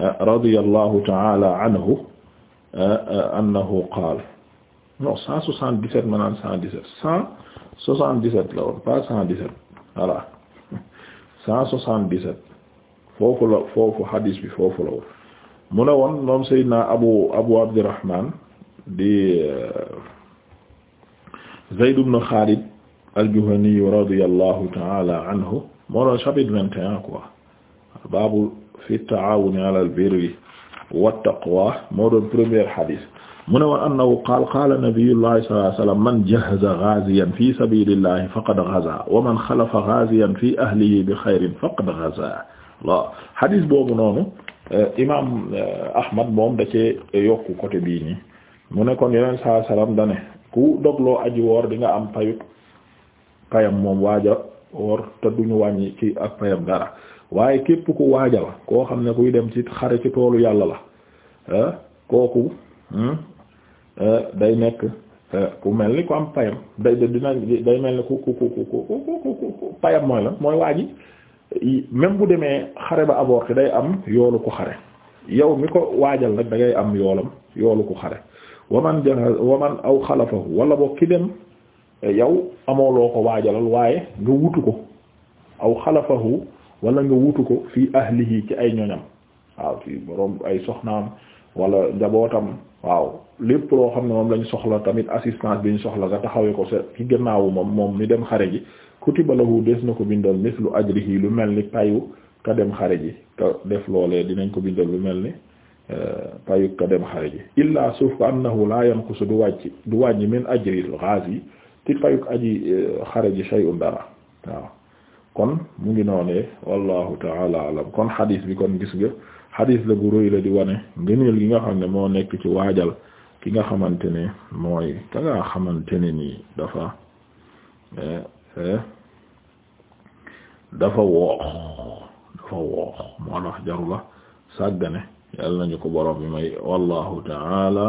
[SPEAKER 1] euh, radiyallahu ta'ala anhu annahu qaala non 177 maanaam 117 177 la woon pas 117 voilà 177 foofu la foofu hadis bi foofu la woon mu ne woon moom Seydina abu abu abdirahman di euh, Zayd ibn Khalid al-Juhani radiyallahu ta'ala anhu moo doon chapitre 21 quoi baabu fi taawuni ala al-birri wat-taqwa moo doon premier hadis mu ne woon annahu qaala qaala nabiyullahi sallallahu alayhi wa sallam man jahaza ghaziyan fi sabilillahi faqad ghaza wa man khalafa ghaziyan fi ahlihi bi khayrin faqad ghaza waaw hadis boobu noonu imaam Ahmad moom da cee yokku côté bii nii mu ne kon yeneen saa salaam ku dogloo aji woor di nga am payu payam moom waaja woor te duñu wàññi ci ak payam dara waaye képp ku waaja la koo xam ne kuy dem ci xare ci toolu yàlla la kooku day nekk ku mel ni ku am payam day dina day mel ni ku ku ku ku ku payam mooy la mooy waaji même bu demee xare ba avorté day am yoolu ko xare yow mi ko waajal nag dangay ngay am yoolam yoolu ko xare waman jahaz aw xalafahu wala boo ki yow amooloo ko waajalal waaye nga wutu ko aw xalafahu wala nga wutu ko fii ahlihi ci ay ñoñam waaw fii boroom ay soxnaam wala njabootam waaw lépp loo xam ne moom lañ soxla tamit assistance bi ñu soxla nga taxawee ko sa ci gannaawu moom moom mi dem xare ji kutiba lahu des na ko bindal mislu ajrihi lu mel ni payu ka dem xare ji def loolee dinañ ko bindal lu mel ni euh, payu ka dem xare ji suuf ko annahu la yanqusu du wàcc du wàññi min ajril ghazi ci payuk aji euh, xare ji shay'un dara waaw kon mu ngi noonee wallahu taala alam kon xadis bi kon gis nga xadis la gu rëy la di wane ngëneel gi nga xam ne moo nekk ci waajal ki nga xamante ne mooy ka nga xamante ne nii dafa euh, dafa woox dafa woox moo tax jarula sàggane yàlla nañu ko borom bi may wallahu taala